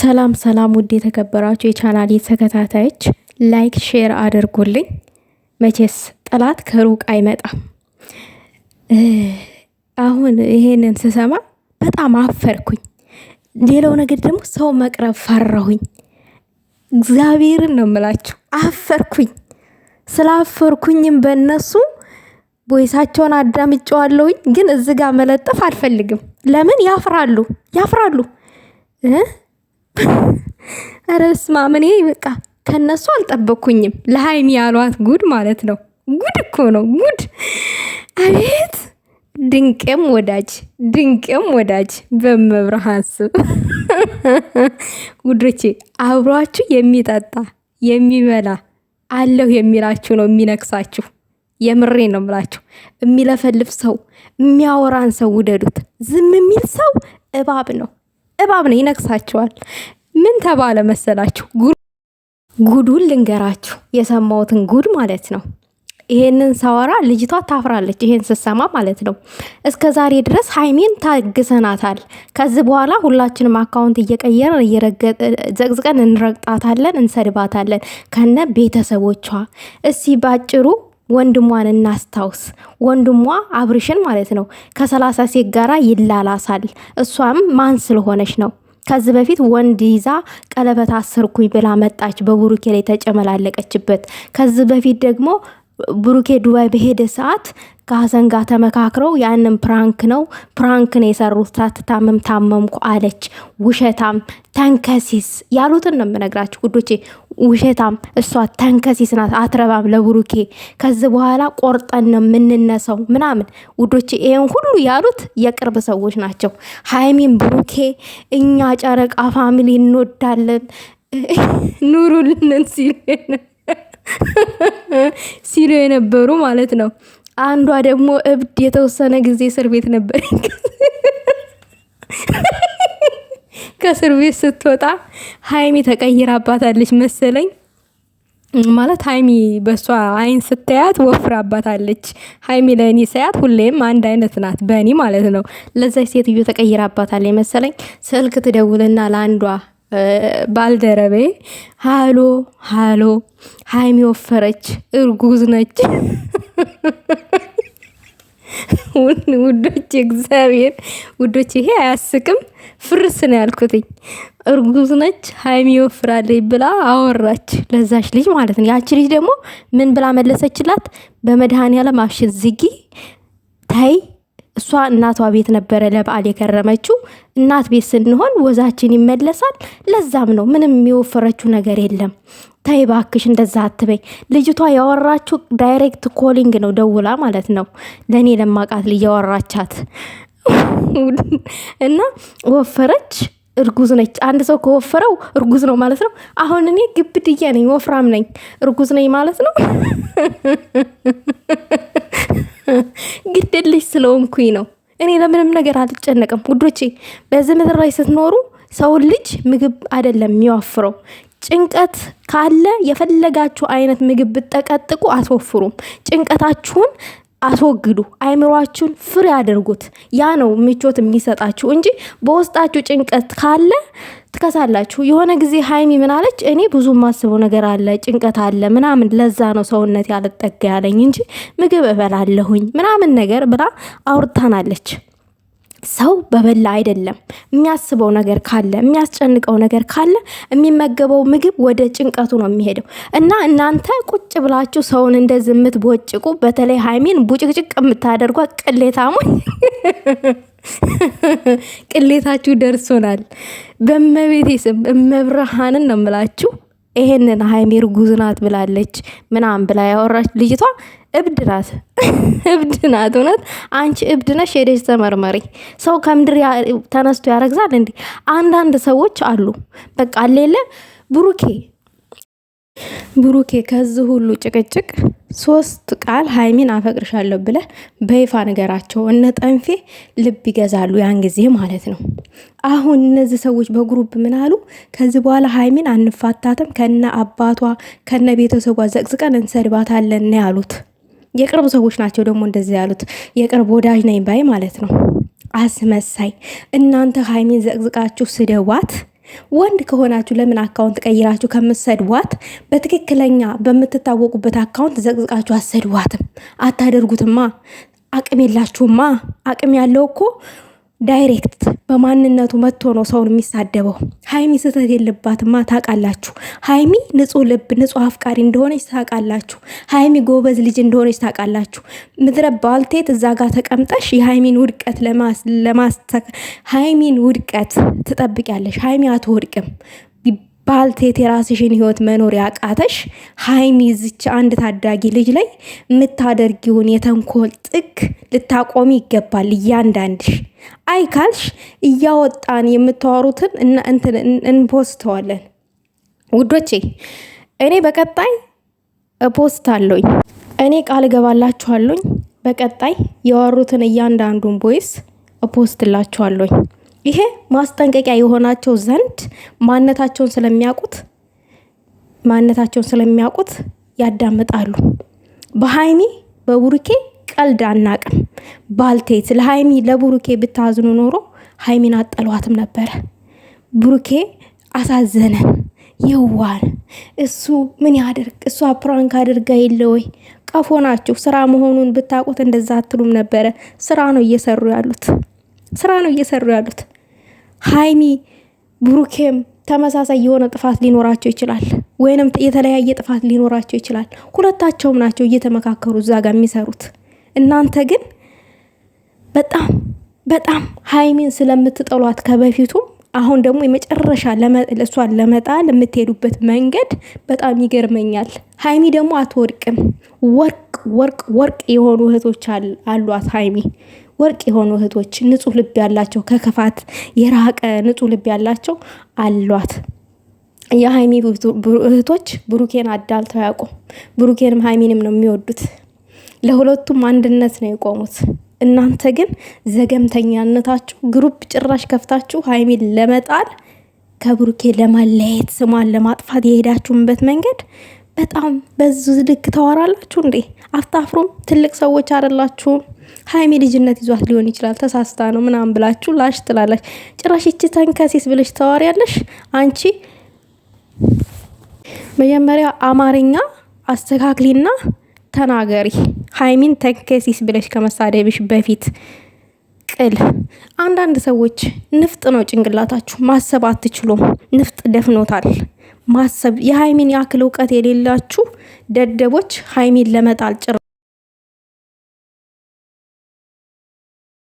ሰላም ሰላም፣ ውድ የተከበራችሁ የቻናል ተከታታዮች ላይክ ሼር አድርጉልኝ። መቼስ ጠላት ከሩቅ አይመጣም። አሁን ይሄንን ስሰማ በጣም አፈርኩኝ። ሌላው ነገር ደግሞ ሰው መቅረብ ፈራሁኝ። እግዚአብሔርን ነው የምላችሁ፣ አፈርኩኝ። ስላፈርኩኝም በእነሱ ቦይሳቸውን አዳምጨዋለሁኝ፣ ግን እዚጋ ጋር መለጠፍ አልፈልግም። ለምን ያፍራሉ፣ ያፍራሉ ኧረ በስመ አብ እኔ በቃ ከነሱ አልጠበኩኝም። ለሀይሚ ያሏት ጉድ ማለት ነው። ጉድ እኮ ነው ጉድ! አቤት ድንቄም ወዳጅ ድንቄም ወዳጅ በመብርሃን ስም ጉድሮቼ፣ አብሯችሁ የሚጠጣ የሚበላ አለሁ የሚላችሁ ነው የሚነክሳችሁ። የምሬ ነው ምላችሁ። የሚለፈልፍ ሰው፣ የሚያወራን ሰው ውደዱት። ዝም የሚል ሰው እባብ ነው። እባብ ነው ይነክሳቸዋል። ምን ተባለ መሰላችሁ? ጉዱን ልንገራችሁ፣ የሰማሁትን ጉድ ማለት ነው። ይሄንን ሳወራ ልጅቷ ታፍራለች፣ ይሄን ስሰማ ማለት ነው። እስከ ዛሬ ድረስ ሀይሜን ታግሰናታል። ከዚህ በኋላ ሁላችንም አካውንት እየቀየረን ዘቅዝቀን እንረግጣታለን፣ እንሰድባታለን ከነ ቤተሰቦቿ። እስቲ ባጭሩ ወንድሟን እናስታውስ። ወንድሟ አብርሽን ማለት ነው ከሰላሳ ሴት ጋራ ይላላሳል። እሷም ማን ስለሆነች ነው ከዚህ በፊት ወንድ ይዛ ቀለበት አስርኩኝ ብላ መጣች። በቡሩኬ ላይ ተጨመላለቀችበት። ከዚህ በፊት ደግሞ ብሩኬ ዱባይ በሄደ ሰዓት ከሀሰን ጋር ተመካክረው ያንን ፕራንክ ነው ፕራንክ ነው የሰሩት። ሳትታመም ታመምኩ አለች። ውሸታም ተንከሲስ ያሉትን ነው የምነግራችሁ ጉዶቼ። ውሸታም እሷ ተንከሲስ ናት፣ አትረባም ለብሩኬ። ከዚ በኋላ ቆርጠን ነው የምንነሳው ምናምን ውዶቼ። ይህን ሁሉ ያሉት የቅርብ ሰዎች ናቸው። ሀይሚን ብሩኬ፣ እኛ ጨረቃ ፋሚሊ እንወዳለን ኑሩልንን ሲል ሲሉ የነበሩ ማለት ነው። አንዷ ደግሞ እብድ የተወሰነ ጊዜ እስር ቤት ነበር። ከእስር ቤት ስትወጣ ሀይሚ ተቀይራባታለች መሰለኝ። ማለት ሀይሚ በእሷ አይን ስታያት ወፍራባታለች። ሀይሚ ለእኔ ሳያት ሁሌም አንድ አይነት ናት፣ በእኔ ማለት ነው። ለዛች ሴትዮ ተቀይራባታለች የመሰለኝ። ስልክ ትደውልና ለአንዷ ባልደረቤ ሃሎ ሃሎ ሀይሚ ወፈረች እርጉዝ ነች። ውዶች እግዚአብሔር ውዶች፣ ይሄ አያስቅም? ፍርስ ነው ያልኩትኝ። እርጉዝ ነች ሀይሚ ወፍራለች ብላ አወራች፣ ለዛች ልጅ ማለት ነው። ያቺ ልጅ ደግሞ ምን ብላ መለሰችላት? በመድኃኔዓለም አፍሽን ዝጊ ታይ እሷ እናቷ ቤት ነበረ ለበዓል የከረመችው። እናት ቤት ስንሆን ወዛችን ይመለሳል። ለዛም ነው ምንም የሚወፈረችው ነገር የለም። ተይ እንደዛ አትበይ። ልጅቷ ያወራችው ዳይሬክት ኮሊንግ ነው፣ ደውላ ማለት ነው ለእኔ ለማቃት ልጅ ያወራቻት እና ወፈረች እርጉዝ ነች። አንድ ሰው ከወፈረው እርጉዝ ነው ማለት ነው። አሁን እኔ ግብድያ ነኝ፣ ወፍራም ነኝ፣ እርጉዝ ነኝ ማለት ነው። ግድልሽ ስለሆንኩኝ ነው። እኔ ለምንም ነገር አልጨነቅም ውዶቼ። በዚህ ምድር ላይ ስትኖሩ ሰውን ልጅ ምግብ አይደለም የሚዋፍረው። ጭንቀት ካለ የፈለጋችሁ አይነት ምግብ ብትጠቀጥቁ አትወፍሩም። ጭንቀታችሁን አስወግዱ። አይምሯችሁን ፍሬ አድርጉት። ያ ነው ምቾት የሚሰጣችሁ እንጂ በውስጣችሁ ጭንቀት ካለ ትከሳላችሁ። የሆነ ጊዜ ሀይሚ አለች? እኔ ብዙ ማስበው ነገር አለ፣ ጭንቀት አለ ምናምን፣ ለዛ ነው ሰውነት ያልጠጋ ያለኝ እንጂ ምግብ እበላለሁኝ ምናምን ነገር ብላ አውርታናለች። ሰው በበላ አይደለም የሚያስበው ነገር ካለ የሚያስጨንቀው ነገር ካለ የሚመገበው ምግብ ወደ ጭንቀቱ ነው የሚሄደው። እና እናንተ ቁጭ ብላችሁ ሰውን እንደ ዝምት ቦጭቁ በተለይ ሀይሚን ቡጭቅጭቅ የምታደርጓት ቅሌታሞች ቅሌታችሁ ደርሶናል። በእመቤቴ ስም እመብርሃንን ነው የምላችሁ። ይሄንን ሀይሚ እርጉዝ ናት ብላለች ምናምን ብላ ያወራች ልጅቷ እብድ ናት፣ እብድ ናት። እውነት አንቺ እብድ ነሽ፣ ሄደሽ ተመርመሪ። ሰው ከምድር ተነስቶ ያረግዛል እንዴ? አንዳንድ ሰዎች አሉ። በቃ ሌለ ብሩኬ ብሩኬ ከዚህ ሁሉ ጭቅጭቅ ሶስት ቃል ሀይሚን አፈቅርሻለሁ ብለህ በይፋ ነገራቸው እነ ጠንፌ ልብ ይገዛሉ። ያን ጊዜ ማለት ነው። አሁን እነዚህ ሰዎች በግሩፕ ምን አሉ? ከዚህ በኋላ ሀይሚን አንፋታትም፣ ከነ አባቷ ከነ ቤተሰቧ ዘቅዝቀን እንሰድባታለን ያሉት። የቅርብ ሰዎች ናቸው ደግሞ እንደዚህ ያሉት። የቅርብ ወዳጅ ነኝ ባይ ማለት ነው። አስመሳይ! እናንተ ሀይሚን ዘቅዝቃችሁ ስደዋት። ወንድ ከሆናችሁ ለምን አካውንት ቀይራችሁ ከምትሰድቧት በትክክለኛ በምትታወቁበት አካውንት ዘቅዝቃችሁ አሰድዋትም። አታደርጉትማ። አቅም የላችሁማ። አቅም ያለው እኮ ዳይሬክት በማንነቱ መጥቶ ነው ሰውን የሚሳደበው። ሀይሚ ስህተት የለባትማ ታውቃላችሁ። ሀይሚ ንጹህ ልብ ንጹህ አፍቃሪ እንደሆነች ታውቃላችሁ። ሀይሚ ጎበዝ ልጅ እንደሆነች ታውቃላችሁ። ምድረ ባልቴት እዛ ጋር ተቀምጠሽ የሀይሚን ውድቀት ለማስ ሀይሚን ውድቀት ትጠብቂያለሽ። ሀይሚ አትወድቅም። ባልቴት የራስሽን ህይወት መኖር ያቃተሽ ሀይሚ ዝች አንድ ታዳጊ ልጅ ላይ የምታደርጊውን የተንኮል ጥግ ልታቆሚ ይገባል። እያንዳንድሽ አይ ካልሽ እያወጣን የምታወሩትን እንፖስተዋለን። ውዶቼ እኔ በቀጣይ ፖስት አለኝ። እኔ ቃል እገባላችኋለኝ። በቀጣይ ያወሩትን እያንዳንዱን ቦይስ እፖስትላችኋለኝ። ይሄ ማስጠንቀቂያ የሆናቸው ዘንድ ማንነታቸውን ስለሚያውቁት ማነታቸውን ስለሚያውቁት ያዳምጣሉ። በሀይሚ በቡሩኬ ቀልድ አናቅም። ባልቴት ለሀይሚ ለቡሩኬ ብታዝኑ ኖሮ ሀይሚን አጠሏትም ነበረ። ቡሩኬ አሳዘነን፣ ይዋል እሱ ምን ያደርግ እሷ ፕራንክ አድርጋ የለ ወይ? ቀፎ ናችሁ። ስራ መሆኑን ብታውቁት እንደዛ አትሉም ነበረ። ስራ ነው እየሰሩ ያሉት፣ ስራ ነው እየሰሩ ያሉት። ሀይሚ ብሩኬም ተመሳሳይ የሆነ ጥፋት ሊኖራቸው ይችላል፣ ወይንም የተለያየ ጥፋት ሊኖራቸው ይችላል። ሁለታቸውም ናቸው እየተመካከሩ እዛ ጋር የሚሰሩት። እናንተ ግን በጣም በጣም ሀይሚን ስለምትጠሏት ከበፊቱም አሁን ደግሞ የመጨረሻ እሷን ለመጣል የምትሄዱበት መንገድ በጣም ይገርመኛል። ሀይሚ ደግሞ አትወድቅም። ወርቅ ወርቅ ወርቅ የሆኑ እህቶች አሏት ሀይሚ ወርቅ የሆኑ እህቶች ንጹህ ልብ ያላቸው ከክፋት የራቀ ንጹህ ልብ ያላቸው አሏት። የሀይሚ እህቶች ብሩኬን አዳልተው ያውቁ ብሩኬንም ሀይሚንም ነው የሚወዱት። ለሁለቱም አንድነት ነው የቆሙት። እናንተ ግን ዘገምተኛነታችሁ ግሩፕ ጭራሽ ከፍታችሁ ሀይሚን ለመጣል ከብሩኬ ለማለየት ስሟን ለማጥፋት የሄዳችሁበት መንገድ በጣም በዙ ልክ ታወራላችሁ እንዴ? አታፍሩም? ትልቅ ሰዎች አይደላችሁም? ሀይሚ ልጅነት ይዟት ሊሆን ይችላል ተሳስታ ነው ምናምን ብላችሁ ላሽ ትላለች። ጭራሽ ይች ተንከሴስ ብለሽ ታወሪያለሽ አንቺ። መጀመሪያ አማርኛ አስተካክሊና ተናገሪ። ሀይሚን ተንከሲስ ብለሽ ከመሳደብሽ በፊት ቅል አንዳንድ ሰዎች ንፍጥ ነው ጭንቅላታችሁ፣ ማሰብ አትችሉም። ንፍጥ ደፍኖታል ማሰብ። የሀይሚን ያክል እውቀት የሌላችሁ ደደቦች ሀይሚን ለመጣል ጭር